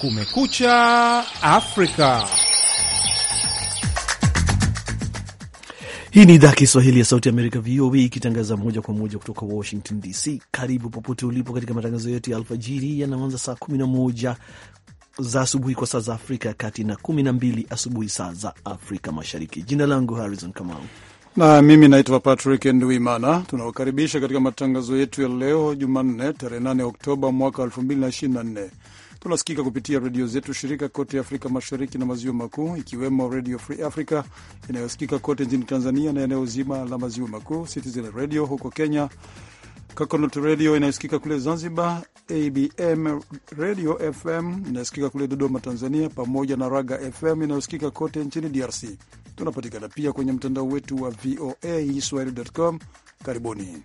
Kumekucha Afrika. Hii ni idhaa Kiswahili ya Sauti Amerika, VOA, ikitangaza moja kwa moja kutoka Washington DC. Karibu popote ulipo katika matangazo yetu ya alfajiri yanaanza saa 11 za asubuhi kwa saa za Afrika ya Kati na 12 asubuhi saa za Afrika Mashariki. Jina langu Harrison Kamau na mimi naitwa Patrick Nduimana. Tunawakaribisha katika matangazo yetu ya leo Jumanne, tarehe 8 Oktoba mwaka 2024. Tunasikika kupitia redio zetu shirika kote Afrika Mashariki na Maziwa Makuu, ikiwemo Redio Free Africa inayosikika kote nchini Tanzania na eneo zima la Maziwa Makuu, Citizen Radio huko Kenya, Coconut Radio inayosikika kule Zanzibar, ABM Radio FM inayosikika kule Dodoma, Tanzania, pamoja na Raga FM inayosikika kote nchini DRC. Tunapatikana pia kwenye mtandao wetu wa VOA swahili.com. Karibuni.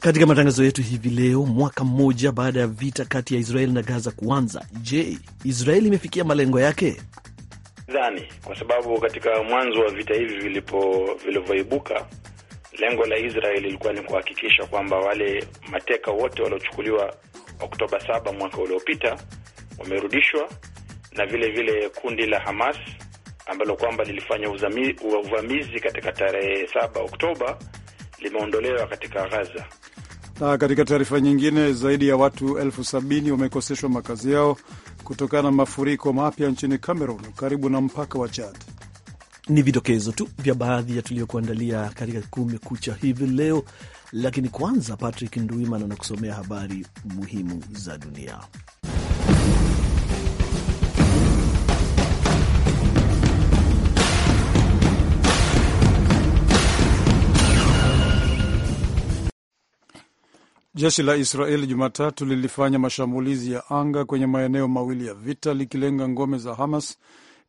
Katika matangazo yetu hivi leo, mwaka mmoja baada ya vita kati ya Israeli na Gaza kuanza, je, Israeli imefikia malengo yake? Dhani kwa sababu katika mwanzo wa vita hivi vilivyoibuka lengo la Israel ilikuwa ni kuhakikisha kwamba wale mateka wote waliochukuliwa Oktoba 7 mwaka uliopita wamerudishwa, na vile vile kundi la Hamas ambalo kwamba lilifanya uvamizi katika tarehe 7 Oktoba limeondolewa katika Gaza. Na katika taarifa nyingine, zaidi ya watu elfu sabini wamekoseshwa makazi yao kutokana na mafuriko mapya nchini Cameroon karibu na mpaka wa Chad. Ni vidokezo tu vya baadhi ya tuliyokuandalia katika Kumekucha hivi leo, lakini kwanza, Patrick Nduimana anakusomea habari muhimu za dunia. Jeshi la Israeli Jumatatu lilifanya mashambulizi ya anga kwenye maeneo mawili ya vita likilenga ngome za Hamas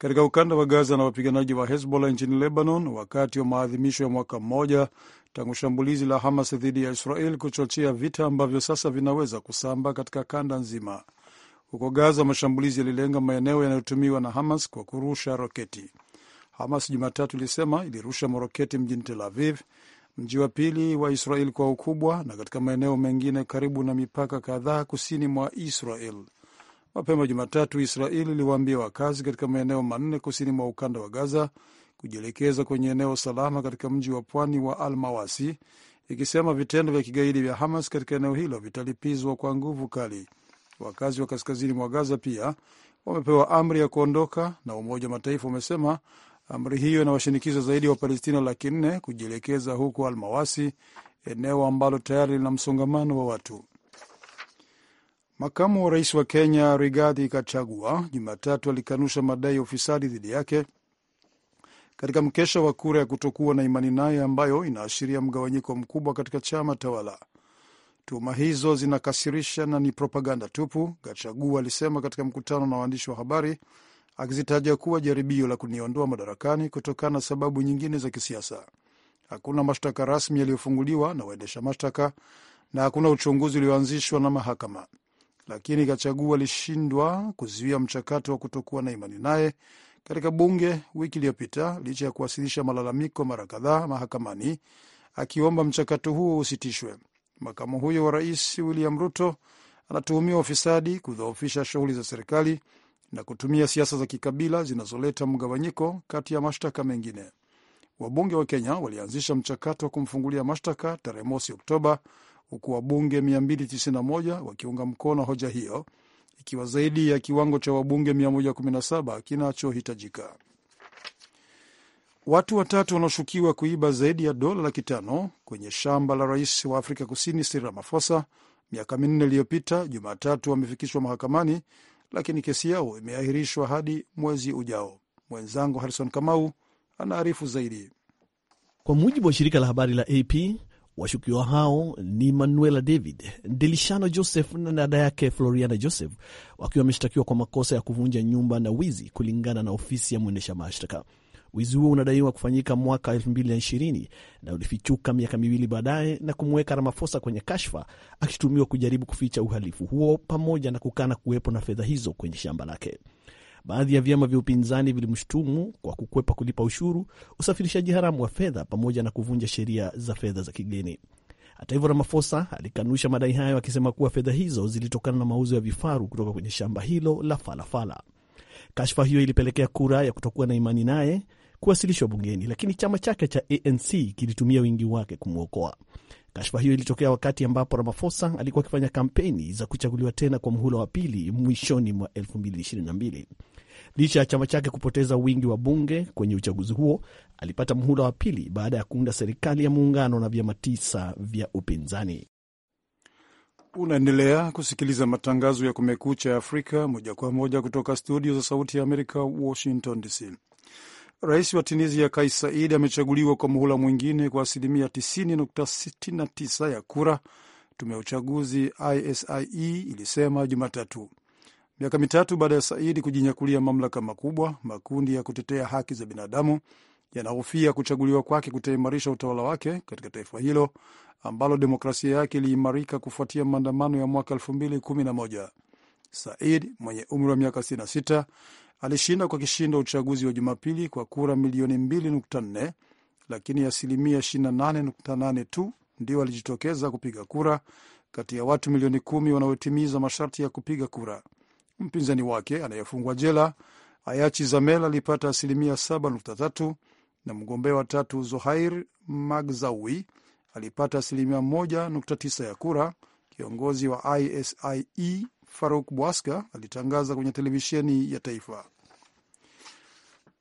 katika ukanda wa Gaza na wapiganaji wa Hezbollah nchini Lebanon wakati wa maadhimisho ya mwaka mmoja tangu shambulizi la Hamas dhidi ya Israel kuchochea vita ambavyo sasa vinaweza kusambaa katika kanda nzima. Huko Gaza, mashambulizi yalilenga maeneo yanayotumiwa na Hamas kwa kurusha roketi. Hamas Jumatatu ilisema ilirusha maroketi mjini Tel Aviv, mji wa pili wa Israel kwa ukubwa, na katika maeneo mengine karibu na mipaka kadhaa kusini mwa Israel. Mapema Jumatatu, israel iliwaambia wakazi katika maeneo manne kusini mwa ukanda wa Gaza kujielekeza kwenye eneo salama katika mji wa pwani wa Al Mawasi, ikisema vitendo vya kigaidi vya Hamas katika eneo hilo vitalipizwa kwa nguvu kali. Wakazi wa kaskazini mwa Gaza pia wamepewa amri ya kuondoka, na Umoja wa Mataifa umesema amri hiyo inawashinikiza zaidi ya wa Wapalestina laki nne kujielekeza huko Almawasi, eneo ambalo tayari lina msongamano wa watu. Makamu wa rais wa Kenya Rigathi Gachagua Jumatatu alikanusha madai ya ufisadi dhidi yake katika mkesha wa kura ya kutokuwa na imani naye ambayo inaashiria mgawanyiko mkubwa katika chama tawala. Tuhuma hizo zinakasirisha na ni propaganda tupu, Gachagua alisema katika mkutano na waandishi wa habari, akizitaja kuwa jaribio la kuniondoa madarakani kutokana na sababu nyingine za kisiasa. Hakuna mashtaka rasmi yaliyofunguliwa na waendesha mashtaka na hakuna uchunguzi ulioanzishwa na mahakama lakini Gachagua alishindwa kuzuia mchakato wa kutokuwa na imani naye katika bunge wiki iliyopita licha ya kuwasilisha malalamiko mara kadhaa mahakamani akiomba mchakato huo usitishwe. Makamu huyo wa rais William Ruto anatuhumiwa ufisadi, kudhoofisha shughuli za serikali na kutumia siasa za kikabila zinazoleta mgawanyiko, kati ya mashtaka mengine. Wabunge wa Kenya walianzisha mchakato wa kumfungulia mashtaka tarehe mosi Oktoba huku wabunge 291 wakiunga mkono hoja hiyo, ikiwa zaidi ya kiwango cha wabunge 117 kinachohitajika. Watu watatu wanaoshukiwa kuiba zaidi ya dola laki tano kwenye shamba la rais wa Afrika Kusini Cyril Ramaphosa miaka minne iliyopita Jumatatu wamefikishwa mahakamani, lakini kesi yao imeahirishwa hadi mwezi ujao. Mwenzangu Harrison Kamau anaarifu zaidi. Kwa mujibu wa shirika la habari la AP, Washukiwa hao ni Manuela David, Delishano Joseph na dada yake Floriana Joseph, wakiwa wameshtakiwa kwa makosa ya kuvunja nyumba na wizi, kulingana na ofisi ya mwendesha mashtaka. Wizi huo unadaiwa kufanyika mwaka 2020 na ulifichuka miaka miwili baadaye na kumweka ramafosa kwenye kashfa, akishutumiwa kujaribu kuficha uhalifu huo pamoja na kukana kuwepo na fedha hizo kwenye shamba lake. Baadhi ya vyama vya upinzani vilimshutumu kwa kukwepa kulipa ushuru, usafirishaji haramu wa fedha pamoja na kuvunja sheria za fedha za kigeni. Hata hivyo, ramafosa alikanusha madai hayo akisema kuwa fedha hizo zilitokana na mauzo ya vifaru kutoka kwenye shamba hilo la Falafala. Kashfa hiyo ilipelekea kura ya kutokuwa na imani naye kuwasilishwa bungeni, lakini chama chake cha ANC kilitumia wingi wake kumwokoa. Kashfa hiyo ilitokea wakati ambapo ramafosa alikuwa akifanya kampeni za kuchaguliwa tena kwa mhula wa pili mwishoni mwa 2022. Licha ya chama chake kupoteza wingi wa bunge kwenye uchaguzi huo, alipata mhula wa pili baada ya kuunda serikali ya muungano na vyama tisa vya upinzani. Unaendelea kusikiliza matangazo ya Kumekucha Afrika moja kwa moja kutoka studio za Sauti ya Amerika, Washington DC. Rais wa Tunisia Kais Saied amechaguliwa kwa muhula mwingine kwa asilimia 90.69 ya kura, tume ya uchaguzi ISIE ilisema Jumatatu. Miaka mitatu baada ya Saidi kujinyakulia mamlaka makubwa, makundi ya kutetea haki za binadamu yanahofia kuchaguliwa kwake kutaimarisha utawala wake katika taifa hilo ambalo demokrasia yake iliimarika kufuatia maandamano ya mwaka 2011. Said mwenye umri wa miaka 66 alishinda kwa kishindo uchaguzi wa Jumapili kwa kura milioni 2.4, lakini asilimia 28.8 tu ndio alijitokeza kupiga kura kati ya watu milioni kumi wanaotimiza masharti ya kupiga kura. Mpinzani wake anayefungwa jela Ayachi Zamel alipata asilimia 7.3 na mgombea wa tatu Zohair Magzawi alipata asilimia 1.9 ya kura. Kiongozi wa ISIE Faruk Bwaska alitangaza kwenye televisheni ya taifa.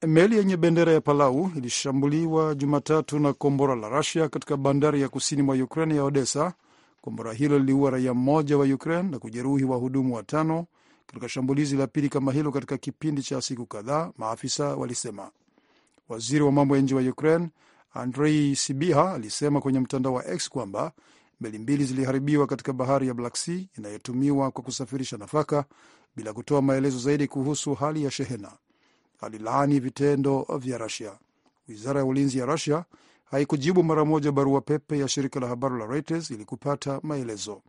Meli yenye bendera ya Palau ilishambuliwa Jumatatu na kombora la Rusia katika bandari ya kusini mwa Ukraine ya Odessa. Kombora hilo liliua raia mmoja wa Ukraine na kujeruhi wahudumu watano katika shambulizi la pili kama hilo katika kipindi cha siku kadhaa, maafisa walisema. Waziri wa mambo ya nje wa Ukraine Andrei Sibiha alisema kwenye mtandao wa X kwamba meli mbili ziliharibiwa katika bahari ya Black Sea inayotumiwa kwa kusafirisha nafaka bila kutoa maelezo zaidi kuhusu hali ya shehena alilaani vitendo vya rasia Wizara ya ulinzi ya rasia haikujibu mara moja barua pepe ya shirika la habari la Reuters ili kupata maelezo.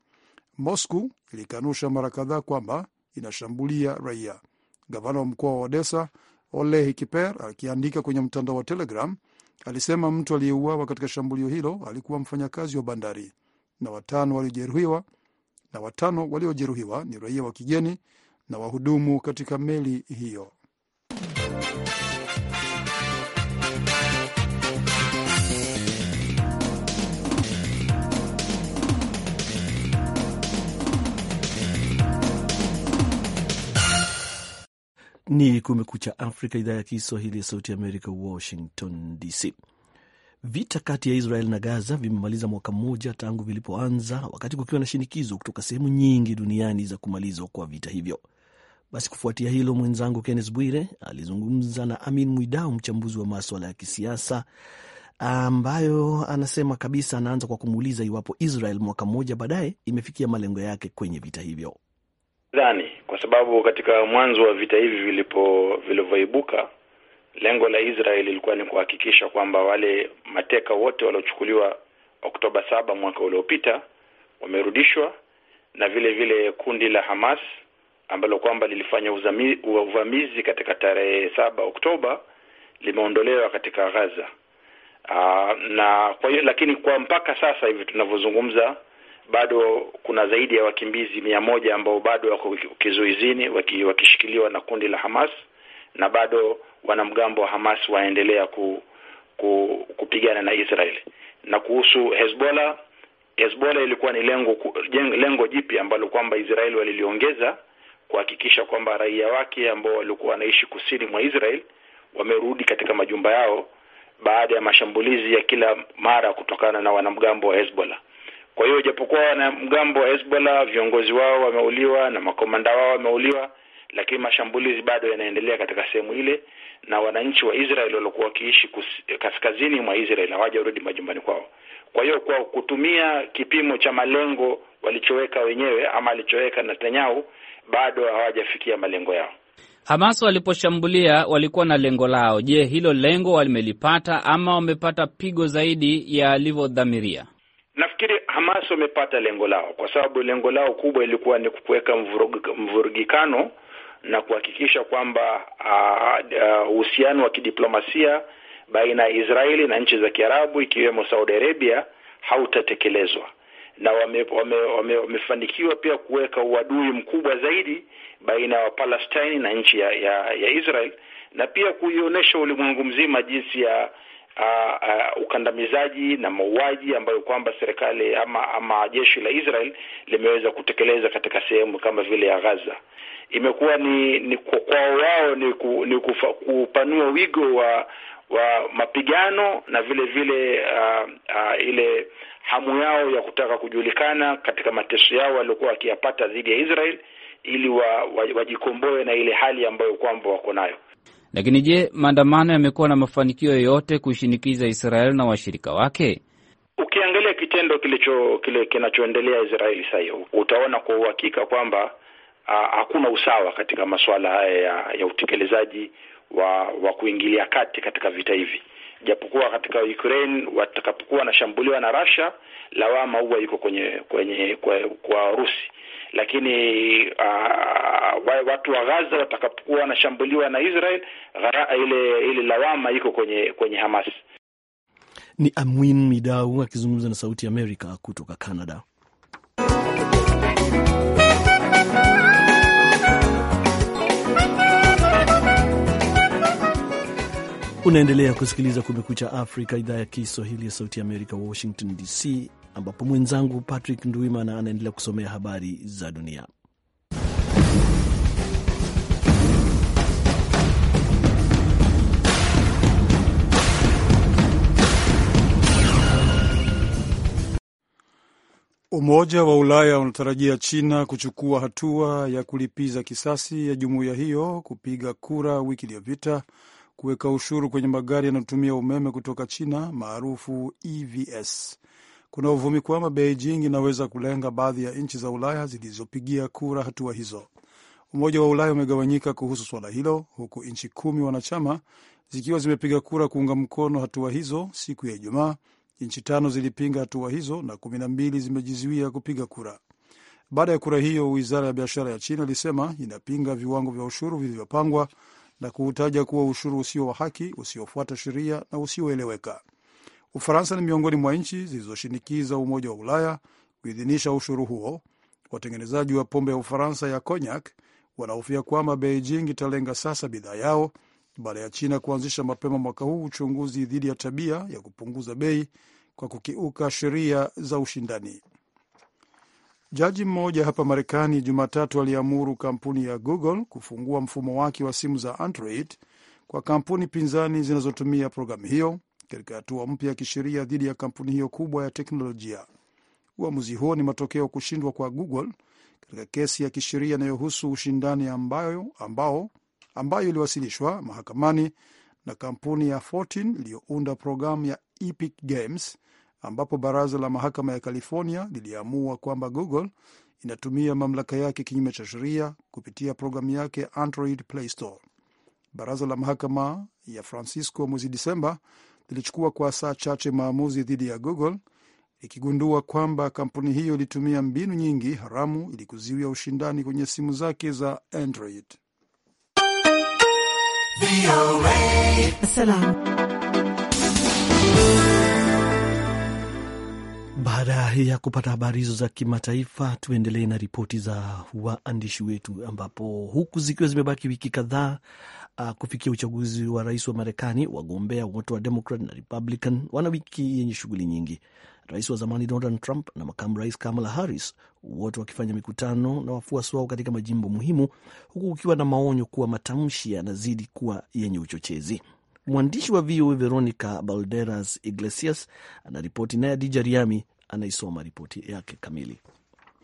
Moscow ilikanusha mara kadhaa kwamba inashambulia raia. Gavana wa mkoa wa Odessa Oleh Kiper akiandika kwenye mtandao wa Telegram alisema mtu aliyeuawa katika shambulio hilo alikuwa mfanyakazi wa bandari na watano waliojeruhiwa na watano waliojeruhiwa ni raia wa kigeni na wahudumu katika meli hiyo. Ni Kumekucha Afrika, idhaa ya Kiswahili ya Sauti Amerika, Washington DC. Vita kati ya Israel na Gaza vimemaliza mwaka mmoja tangu vilipoanza, wakati kukiwa na shinikizo kutoka sehemu nyingi duniani za kumalizwa kwa vita hivyo. Basi kufuatia hilo, mwenzangu Kennes Bwire alizungumza na Amin Mwidau, mchambuzi wa maswala ya kisiasa, ambayo anasema kabisa, anaanza kwa kumuuliza iwapo Israel mwaka mmoja baadaye imefikia malengo yake kwenye vita hivyo dhani, kwa sababu katika mwanzo wa vita hivi vilipo vilivyoibuka, lengo la Israeli lilikuwa ni kuhakikisha kwamba wale mateka wote waliochukuliwa Oktoba saba mwaka uliopita wamerudishwa, na vile vile kundi la Hamas ambalo kwamba lilifanya uzami, uvamizi katika tarehe saba Oktoba limeondolewa katika Gaza. Aa, na kwa hiyo lakini kwa mpaka sasa hivi tunavyozungumza bado kuna zaidi ya wakimbizi mia moja ambao bado wako kizuizini waki, wakishikiliwa na kundi la Hamas na bado wanamgambo wa Hamas waendelea ku, ku, kupigana na Israel. Na kuhusu Hezbollah, Hezbollah ilikuwa ni lengo lengo jipya ambalo kwamba Israel waliliongeza kuhakikisha kwamba raia wake ambao walikuwa wanaishi kusini mwa Israel wamerudi katika majumba yao baada ya mashambulizi ya kila mara kutokana na wanamgambo wa Hezbollah. Kwa hiyo japokuwa wanamgambo wa Hezbollah viongozi wao wameuliwa na makomanda wao wameuliwa, lakini mashambulizi bado yanaendelea katika sehemu ile, na wananchi wa Israel waliokuwa wakiishi kaskazini mwa Israel hawajarudi majumbani kwao. Kwa hiyo kwa kutumia kipimo cha malengo walichoweka wenyewe ama alichoweka Netanyahu, bado hawajafikia malengo yao. Hamas waliposhambulia walikuwa na lengo lao. Je, hilo lengo wamelipata ama wamepata pigo zaidi yalivyodhamiria? Nafikiri Hamas wamepata lengo lao, kwa sababu lengo lao kubwa ilikuwa ni kuweka mvurugikano na kuhakikisha kwamba ah, ah, uhusiano uh, wa kidiplomasia baina ya Israeli na nchi za Kiarabu ikiwemo Saudi Arabia hautatekelezwa na wamefanikiwa wame, wame pia kuweka uadui mkubwa zaidi baina ya Wapalestini na nchi ya, ya, ya Israel na pia kuionyesha ulimwengu mzima jinsi ya uh, uh, ukandamizaji na mauaji ambayo kwamba serikali ama ama jeshi la Israel limeweza kutekeleza katika sehemu kama vile ya Gaza. Imekuwa ni, ni kwao wao ni, ku, ni kufa, kupanua wigo wa wa mapigano na vile vile uh, uh, ile hamu yao ya kutaka kujulikana katika mateso yao waliokuwa wakiyapata dhidi ya Israel ili wajikomboe wa, wa na ile hali ambayo kwamba wako nayo. Lakini je, maandamano yamekuwa na mafanikio yoyote kuishinikiza Israel na washirika wake? Ukiangalia kitendo kilicho kile kinachoendelea Israeli sasa, utaona kwa uhakika kwamba hakuna usawa katika masuala haya ya, ya utekelezaji wa wa kuingilia kati katika vita hivi, japokuwa katika Ukraine watakapokuwa wanashambuliwa na Russia, lawama huwa iko kwenye kwenye kwa, kwa Urusi lakini uh, watu wa Gaza watakapokuwa wanashambuliwa na Israel, ile ile lawama iko kwenye kwenye Hamas. Ni Amwin Midau akizungumza na Sauti ya Amerika kutoka Canada. Unaendelea kusikiliza Kumekucha Afrika, idhaa ya Kiswahili ya Sauti ya Amerika, Washington DC ambapo mwenzangu Patrick Ndwimana anaendelea kusomea habari za dunia. Umoja wa Ulaya unatarajia China kuchukua hatua ya kulipiza kisasi ya jumuiya hiyo kupiga kura wiki iliyopita kuweka ushuru kwenye magari yanayotumia umeme kutoka China maarufu EVs kuna uvumi kwamba Beijing inaweza kulenga baadhi ya nchi za Ulaya zilizopigia kura hatua hizo. Umoja wa Ulaya umegawanyika kuhusu suala hilo, huku nchi kumi wanachama zikiwa zimepiga kura kuunga mkono hatua hizo siku ya Ijumaa. Nchi tano zilipinga hatua hizo na kumi na mbili zimejizuia kupiga kura. Baada ya kura hiyo, wizara ya biashara ya China ilisema inapinga viwango vya ushuru vilivyopangwa na kuutaja kuwa ushuru usio wa haki, usiofuata sheria na usioeleweka. Ufaransa ni miongoni mwa nchi zilizoshinikiza Umoja wa Ulaya kuidhinisha ushuru huo. Watengenezaji wa pombe ya Ufaransa ya cognac wanahofia kwamba Beijing italenga sasa bidhaa yao baada ya China kuanzisha mapema mwaka huu uchunguzi dhidi ya tabia ya kupunguza bei kwa kukiuka sheria za ushindani. Jaji mmoja hapa Marekani Jumatatu aliamuru kampuni ya Google kufungua mfumo wake wa simu za Android kwa kampuni pinzani zinazotumia programu hiyo katika hatua mpya ya kisheria dhidi ya kampuni hiyo kubwa ya teknolojia. Uamuzi huo ni matokeo kushindwa kwa Google katika kesi ya kisheria inayohusu ushindani ambayo, ambao, ambayo iliwasilishwa mahakamani na kampuni ya Fortin iliyounda programu ya Epic Games, ambapo baraza la mahakama ya California liliamua kwamba Google inatumia mamlaka yake kinyume cha sheria kupitia programu yake Android Play Store. Baraza la mahakama ya Francisco mwezi Disemba ilichukua kwa saa chache maamuzi dhidi ya Google ikigundua kwamba kampuni hiyo ilitumia mbinu nyingi haramu ili kuziwia ushindani kwenye simu zake za Android. Baada ya kupata habari hizo za kimataifa, tuendelee na ripoti za waandishi wetu, ambapo huku zikiwa zimebaki wiki kadhaa uh, kufikia uchaguzi wa rais wa Marekani, wagombea wote wa Democrat na Republican wana wiki yenye shughuli nyingi, rais wa zamani Donald Trump na makamu rais Kamala Harris wote wakifanya mikutano na wafuasi wao katika majimbo muhimu, huku kukiwa na maonyo kuwa matamshi yanazidi kuwa yenye uchochezi. Mwandishi wa VOA Veronica Balderas Iglesias anaripoti, naye Adija Riami anaisoma ripoti yake kamili.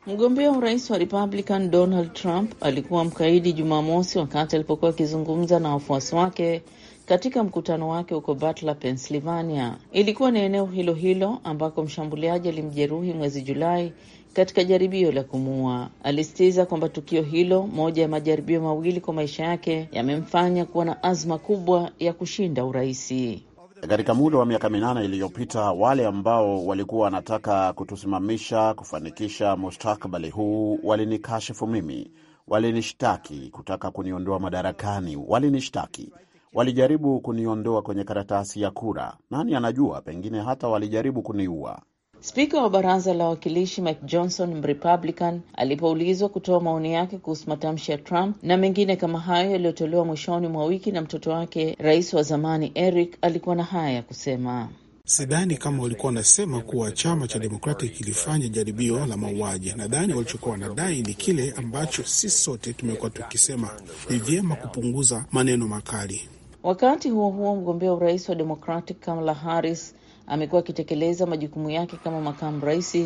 Mgombea wa urais wa Republican Donald Trump alikuwa mkaidi Jumamosi wakati alipokuwa akizungumza na wafuasi wake katika mkutano wake huko Butler, Pennsylvania. Ilikuwa ni eneo hilo hilo ambako mshambuliaji alimjeruhi mwezi Julai katika jaribio la kumuua. Alisitiza kwamba tukio hilo, moja ya majaribio mawili kwa maisha yake, yamemfanya kuwa na azma kubwa ya kushinda uraisi. Katika muda wa miaka minane iliyopita, wale ambao walikuwa wanataka kutusimamisha kufanikisha mustakabali huu walinikashifu mimi, walinishtaki kutaka kuniondoa madarakani, walinishtaki walijaribu kuniondoa kwenye karatasi ya kura. Nani anajua, pengine hata walijaribu kuniua. Spika wa baraza la wawakilishi Mike Johnson Mrepublican alipoulizwa kutoa maoni yake kuhusu matamshi ya Trump na mengine kama hayo yaliyotolewa mwishoni mwa wiki na mtoto wake rais wa zamani Eric, alikuwa na haya ya kusema. Sidhani kama walikuwa wanasema kuwa chama cha demokrati kilifanya jaribio la mauaji. Nadhani walichokuwa wanadai ni kile ambacho sisi sote tumekuwa tukisema, ni vyema kupunguza maneno makali. Wakati huo huo, mgombea urais wa Democratic Kamala Harris amekuwa akitekeleza majukumu yake kama makamu rais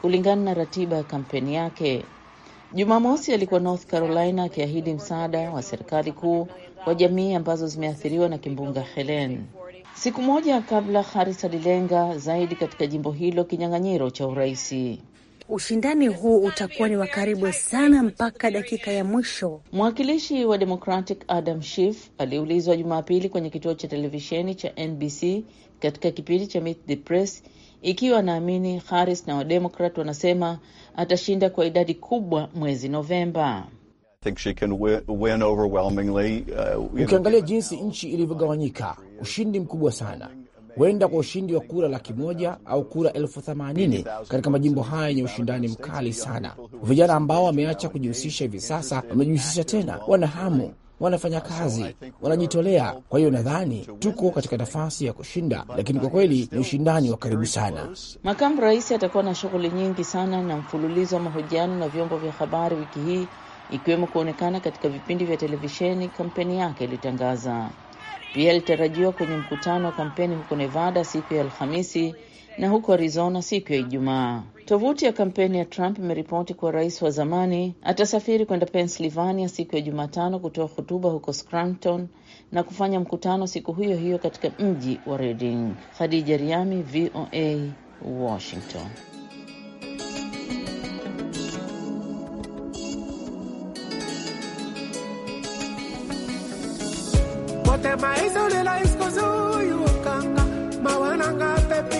kulingana na ratiba ya kampeni yake. Jumamosi alikuwa North Carolina akiahidi msaada wa serikali kuu kwa jamii ambazo zimeathiriwa na kimbunga Helen. Siku moja kabla, Harris alilenga zaidi katika jimbo hilo kinyang'anyiro cha uraisi. Ushindani huu utakuwa ni wa karibu sana mpaka dakika ya mwisho. Mwakilishi wa Democratic Adam Schiff aliulizwa Jumapili kwenye kituo cha televisheni cha NBC katika kipindi cha Meet the Press ikiwa anaamini Harris na Wademokrat wanasema atashinda kwa idadi kubwa mwezi Novemba. Uh, Ukiangalia jinsi nchi ilivyogawanyika, ushindi mkubwa sana huenda kwa ushindi wa kura laki moja au kura elfu themanini katika majimbo haya yenye ushindani mkali sana. Vijana ambao wameacha kujihusisha hivi sasa wamejihusisha tena, wana hamu, wanafanya kazi, wanajitolea. Kwa hiyo nadhani tuko katika nafasi ya kushinda, lakini kwa kweli ni ushindani wa karibu sana. Makamu rais atakuwa na shughuli nyingi sana na mfululizo wa mahojiano na vyombo vya habari wiki hii, ikiwemo kuonekana katika vipindi vya televisheni kampeni yake ilitangaza. Pia alitarajiwa kwenye mkutano wa kampeni huko Nevada siku ya Alhamisi na huko Arizona siku ya Ijumaa. Tovuti ya kampeni ya Trump imeripoti kuwa rais wa zamani atasafiri kwenda Pennsylvania siku ya Jumatano kutoa hotuba huko Scranton na kufanya mkutano siku hiyo hiyo katika mji wa Reading. Khadija Riami, VOA, Washington. tema izolila iskozuyukanga mawananga pepe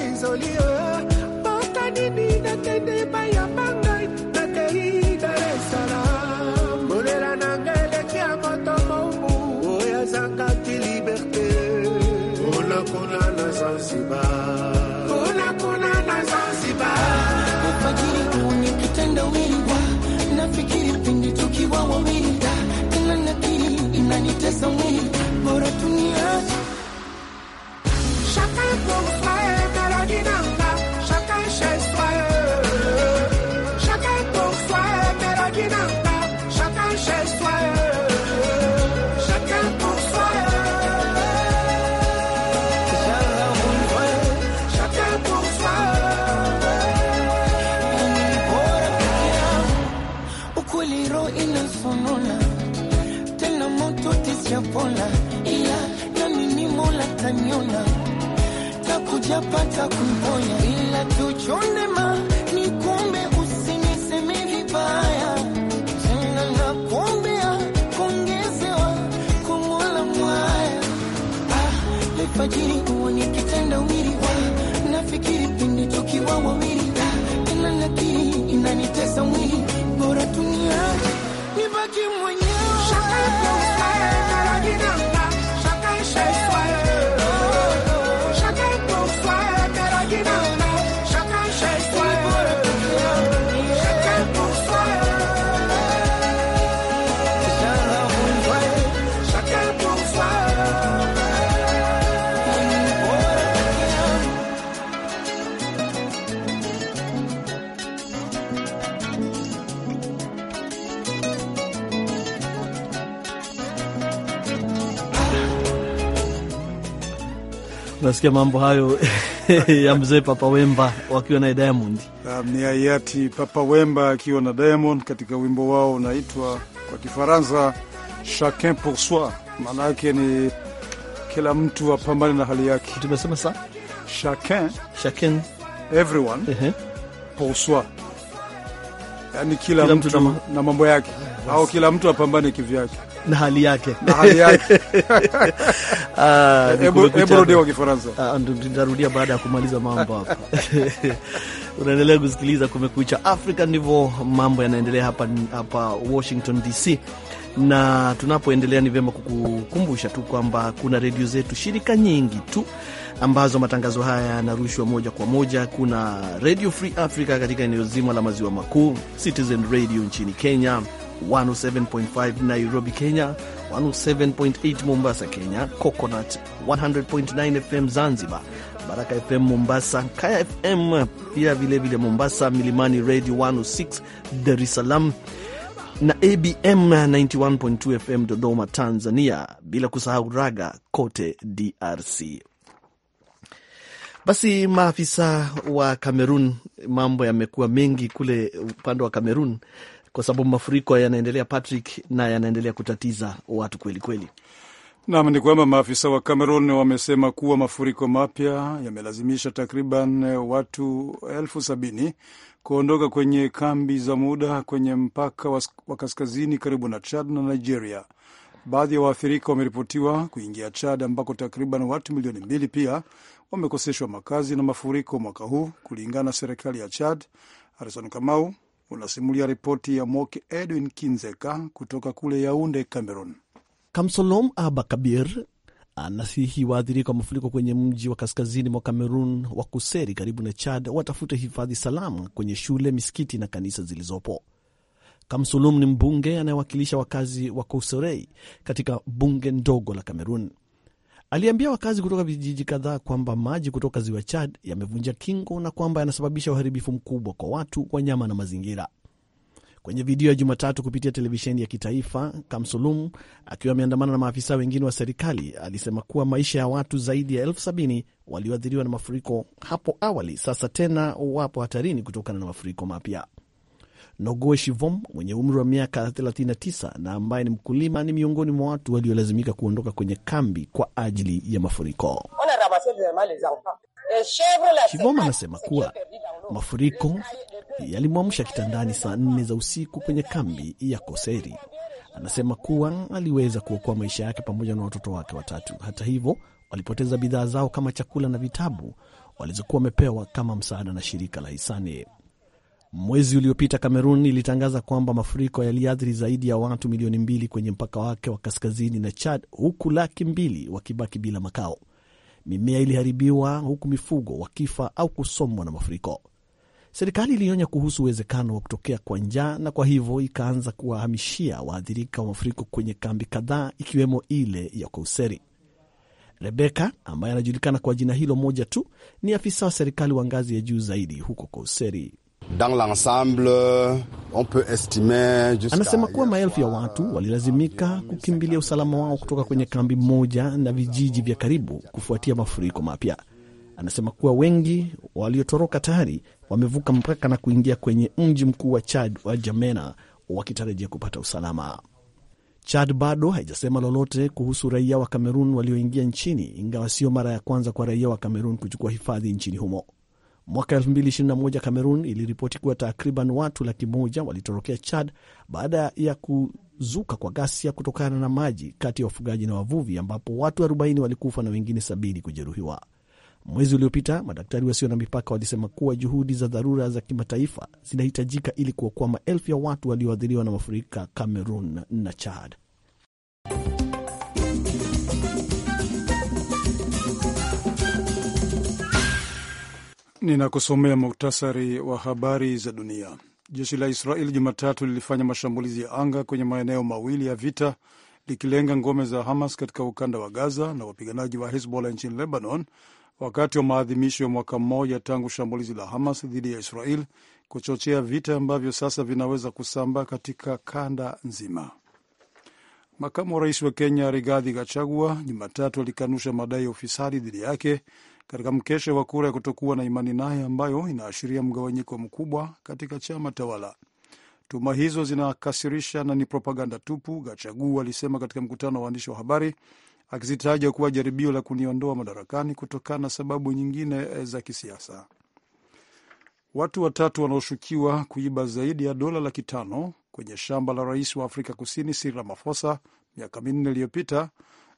Como sijapata kumponya, ila ma ni kumbe, usiniseme vibaya tena, nakuombea kuongezewa kumola mwaya. Ah, alfajiri kitenda nikitenda wa nafikiri pindi tukiwa wawili, ah, tena nakiri inanitesa mwili, bora tuniache Unasikia mambo hayo ya mzee Papa Wemba wakiwa naye Diamond. Um, ni hayati Papa Wemba akiwa na Diamond katika wimbo wao unaitwa kwa Kifaransa chacun pour soi, maana yake ni kila mtu apambane na hali yake. Tumesema sa chacun chacun everyone uh -huh. pour soi, yani kila, kila mtu, mtu na mambo yake au kila mtu apambane kivyake na hali yake na hali yake. Ah, eh, ah, nitarudia baada ya kumaliza mambo hapa. Unaendelea kusikiliza Kumekucha Afrika, ndivyo mambo yanaendelea hapa hapa Washington DC, na tunapoendelea ni vyema kukukumbusha tu kwamba kuna redio zetu shirika nyingi tu ambazo matangazo haya yanarushwa moja kwa moja. Kuna Radio Free Africa katika eneo zima la maziwa makuu, Citizen Radio nchini Kenya, 107.5 Nairobi, Kenya, 107.8 Mombasa, Kenya, Coconut 100.9 FM Zanzibar, Baraka FM Mombasa, Kaya FM pia vilevile Mombasa, Milimani Radio 106 Dar es Salaam na ABM 91.2 FM Dodoma, Tanzania, bila kusahau Raga kote DRC. Basi maafisa wa Kamerun, mambo yamekuwa mengi kule upande wa Kamerun kwa sababu mafuriko yanaendelea Patrick, na yanaendelea kutatiza watu kweli kweli. Nam, ni kwamba maafisa wa Cameroon wamesema kuwa mafuriko mapya yamelazimisha takriban watu elfu sabini kuondoka kwenye kambi za muda kwenye mpaka wa kaskazini karibu na Chad na Nigeria. Baadhi ya waathirika wameripotiwa kuingia Chad ambako takriban watu milioni mbili pia wamekoseshwa makazi na mafuriko mwaka huu, kulingana na serikali ya Chad. Harison Kamau unasimulia ripoti ya Moke Edwin Kinzeka kutoka kule Yaunde, Cameron. Kamsolom Aba Kabir anasihi waathirika wa mafuriko kwenye mji wa kaskazini mwa Kamerun wa Kuseri karibu na Chad watafute hifadhi salama kwenye shule, misikiti na kanisa zilizopo. Kamsulum ni mbunge anayewakilisha wakazi wa Koserei katika bunge ndogo la Kamerun. Aliambia wakazi kutoka vijiji kadhaa kwamba maji kutoka ziwa Chad yamevunja kingo na kwamba yanasababisha uharibifu mkubwa kwa watu, wanyama na mazingira. Kwenye video ya Jumatatu kupitia televisheni ya kitaifa, Kamsulum akiwa ameandamana na maafisa wengine wa serikali alisema kuwa maisha ya watu zaidi ya elfu sabini walioathiriwa na mafuriko hapo awali sasa tena wapo hatarini kutokana na mafuriko mapya. Nogoe Shivom mwenye umri wa miaka 39 na ambaye ni mkulima ni miongoni mwa watu waliolazimika kuondoka kwenye kambi kwa ajili ya mafuriko. Eh, Shivom anasema kuwa mafuriko yalimwamsha kitandani saa nne za usiku kwenye kambi ya Koseri. Anasema kuwa aliweza kuokoa maisha yake pamoja na watoto wake watatu. Hata hivyo, walipoteza bidhaa zao kama chakula na vitabu walizokuwa wamepewa kama msaada na shirika la hisani. Mwezi uliopita Kamerun ilitangaza kwamba mafuriko yaliathiri zaidi ya watu milioni mbili kwenye mpaka wake wa kaskazini na Chad, huku laki mbili wakibaki bila makao. Mimea iliharibiwa huku mifugo wakifa au kusombwa na mafuriko. Serikali ilionya kuhusu uwezekano wa kutokea kwa njaa na kwa hivyo ikaanza kuwahamishia waathirika wa mafuriko kwenye kambi kadhaa ikiwemo ile ya Kouseri. Rebeka ambaye anajulikana kwa jina hilo moja tu ni afisa wa serikali wa ngazi ya juu zaidi huko Kouseri Anasema kuwa maelfu ya watu walilazimika kukimbilia usalama wao kutoka kwenye kambi moja na vijiji vya karibu kufuatia mafuriko mapya. Anasema kuwa wengi waliotoroka tayari wamevuka mpaka na kuingia kwenye mji mkuu wa Chad wa Jamena wakitarajia kupata usalama. Chad bado haijasema lolote kuhusu raia wa Kamerun walioingia nchini, ingawa sio mara ya kwanza kwa raia wa Kamerun kuchukua hifadhi nchini humo. Mwaka 2021 Cameroon iliripoti kuwa takriban watu laki moja walitorokea Chad baada ya kuzuka kwa ghasia kutokana na maji kati ya wafugaji na wavuvi, ambapo watu 40 walikufa na wengine 70 kujeruhiwa. Mwezi uliopita, madaktari wasio na mipaka walisema kuwa juhudi za dharura za kimataifa zinahitajika ili kuokoa maelfu ya watu walioathiriwa na mafurika Cameroon na Chad. Ninakusomea muktasari wa habari za dunia. Jeshi la Israeli Jumatatu lilifanya mashambulizi ya anga kwenye maeneo mawili ya vita likilenga ngome za Hamas katika ukanda wa Gaza na wapiganaji wa Hezbollah nchini Lebanon wakati wa maadhimisho ya mwaka mmoja tangu shambulizi la Hamas dhidi ya Israel kuchochea vita ambavyo sasa vinaweza kusambaa katika kanda nzima. Makamu wa rais wa Kenya Rigathi Gachagua Jumatatu alikanusha madai ya ufisadi dhidi yake katika mkesha wa kura ya kutokuwa na imani naye ambayo inaashiria mgawanyiko mkubwa katika chama tawala. tuma hizo zinakasirisha na ni propaganda tupu, gachagu alisema katika mkutano wa waandishi wa habari, akizitaja kuwa jaribio la kuniondoa madarakani kutokana na sababu nyingine eh, za kisiasa. Watu watatu wanaoshukiwa kuiba zaidi ya dola laki tano kwenye shamba la rais wa Afrika Kusini Cyril Ramaphosa miaka minne iliyopita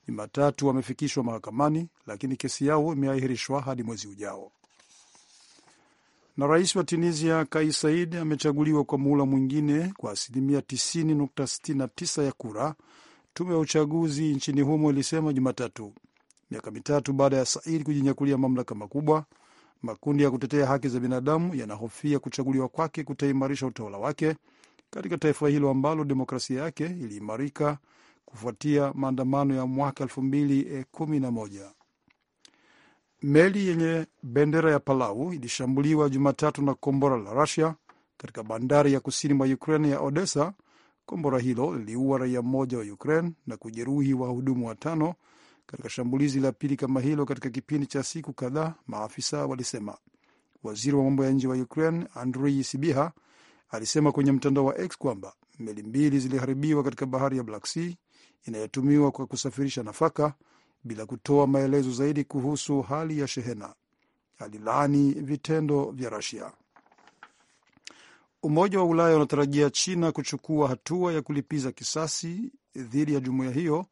Jumatatu wamefikishwa mahakamani, lakini kesi yao imeahirishwa hadi mwezi ujao. Na rais wa Tunisia Kais Said amechaguliwa kwa muhula mwingine kwa asilimia 90.69 ya kura, tume ya uchaguzi nchini humo ilisema Jumatatu, miaka mitatu baada ya Said kujinyakulia mamlaka makubwa. Makundi ya kutetea haki za binadamu yanahofia kuchaguliwa kwake kutaimarisha utawala wake katika taifa hilo ambalo demokrasia yake iliimarika kufuatia maandamano ya mwaka eh, moja. Meli yenye bendera ya Palau ilishambuliwa Jumatatu na kombora la Rusia katika bandari ya kusini mwa Ukraine ya Odessa. Kombora hilo liliua raia mmoja wa Ukraine na kujeruhi wahudumu watano katika shambulizi la pili kama hilo katika kipindi cha siku kadhaa, maafisa walisema. Waziri wa mambo ya nje wa Ukraine Andrii Sibiha alisema kwenye mtandao wa X kwamba meli mbili ziliharibiwa katika bahari ya Black Sea inayotumiwa kwa kusafirisha nafaka bila kutoa maelezo zaidi kuhusu hali ya shehena. Alilaani vitendo vya Rasia. Umoja wa Ulaya unatarajia China kuchukua hatua ya kulipiza kisasi dhidi ya jumuiya hiyo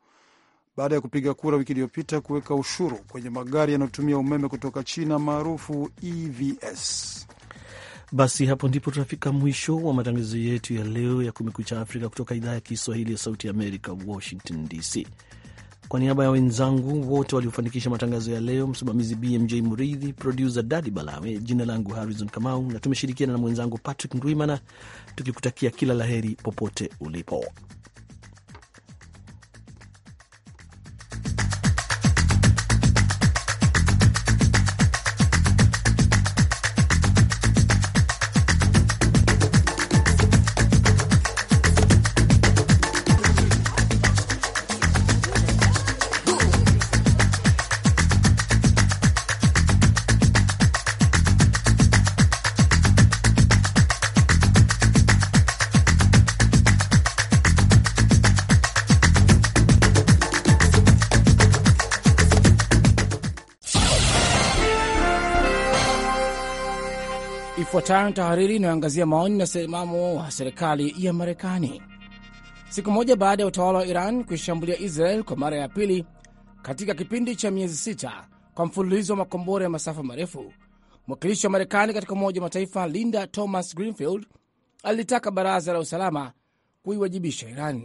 baada ya kupiga kura wiki iliyopita kuweka ushuru kwenye magari yanayotumia umeme kutoka China maarufu EVs. Basi hapo ndipo tunafika mwisho wa matangazo yetu ya leo ya Kumekucha Afrika kutoka idhaa ya Kiswahili ya Sauti Amerika, Washington DC. Kwa niaba ya wenzangu wote waliofanikisha matangazo ya leo, msimamizi BMJ Muridhi, produsa Dadi Balawe, jina langu Harrison Kamau na tumeshirikiana na mwenzangu Patrick Ndwimana, tukikutakia kila laheri popote ulipo. Iran tahariri inayoangazia maoni na msimamo wa serikali ya Marekani. Siku moja baada ya utawala wa Iran kuishambulia Israel kwa mara ya pili katika kipindi cha miezi sita kwa mfululizo wa makombora ya masafa marefu, mwakilishi wa Marekani katika Umoja wa Mataifa Linda Thomas Greenfield alitaka Baraza la Usalama kuiwajibisha Iran.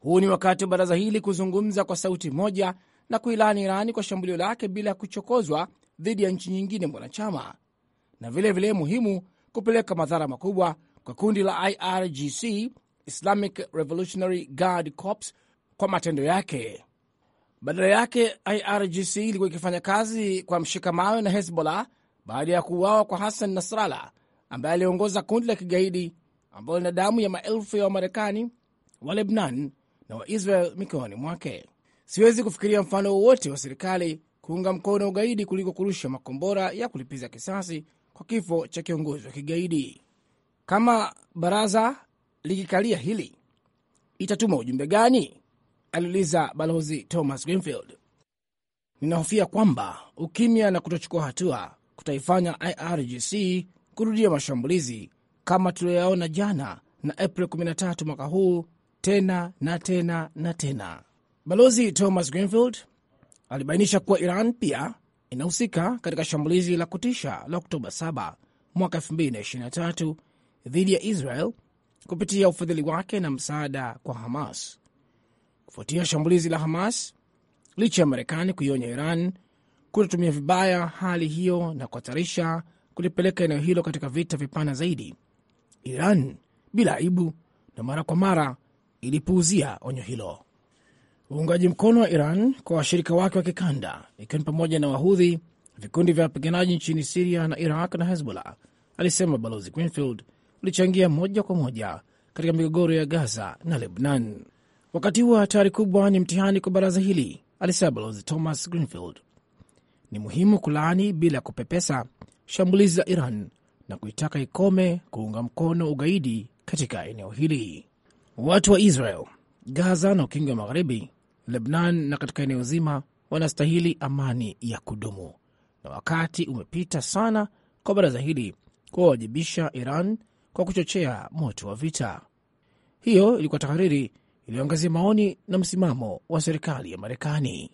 Huu ni wakati wa baraza hili kuzungumza kwa sauti moja na kuilani Irani kwa shambulio lake bila kuchokozwa dhidi ya nchi nyingine mwanachama na vilevile vile muhimu kupeleka madhara makubwa kwa kundi la IRGC, Islamic Revolutionary Guard Corps, kwa matendo yake. Badala yake, IRGC ilikuwa ikifanya kazi kwa mshikamano na Hezbollah baada ya kuuawa kwa Hassan Nasrallah ambaye aliongoza kundi la kigaidi ambayo lina damu ya maelfu ya Wamarekani wa Lebnan na Waisrael mikononi mwake. Siwezi kufikiria mfano wowote wa serikali kuunga mkono ugaidi kuliko kurusha makombora ya kulipiza kisasi kwa kifo cha kiongozi wa kigaidi. Kama baraza likikalia hili, itatuma ujumbe gani? aliuliza balozi Thomas Greenfield. Ninahofia kwamba ukimya na kutochukua hatua kutaifanya IRGC kurudia mashambulizi kama tuliyoyaona jana na April 13 mwaka huu tena na tena na tena. Balozi Thomas Greenfield alibainisha kuwa Iran pia inahusika katika shambulizi la kutisha la Oktoba 7 mwaka 2023 dhidi ya Israel kupitia ufadhili wake na msaada kwa Hamas. Kufuatia shambulizi la Hamas, licha ya Marekani kuionya Iran kutotumia vibaya hali hiyo na kuhatarisha kulipeleka eneo hilo katika vita vipana zaidi, Iran bila aibu na mara kwa mara ilipuuzia onyo hilo uungaji mkono wa Iran kwa washirika wake wa kikanda, ikiwa ni pamoja na Wahudhi, vikundi vya wapiganaji nchini Siria na Iraq na Hezbollah, alisema Balozi Greenfield, ulichangia moja kwa moja katika migogoro ya Gaza na Lebnan. Wakati huo hatari kubwa ni mtihani kwa baraza hili, alisema Balozi Thomas Greenfield. Ni muhimu kulaani bila kupepesa shambulizi la Iran na kuitaka ikome kuunga mkono ugaidi katika eneo hili. Watu wa Israel, Gaza na Ukingo wa Magharibi Lebnan na katika eneo zima wanastahili amani ya kudumu, na wakati umepita sana kwa baraza hili kuwawajibisha Iran kwa kuchochea moto wa vita. Hiyo ilikuwa tahariri iliyoangazia maoni na msimamo wa serikali ya Marekani.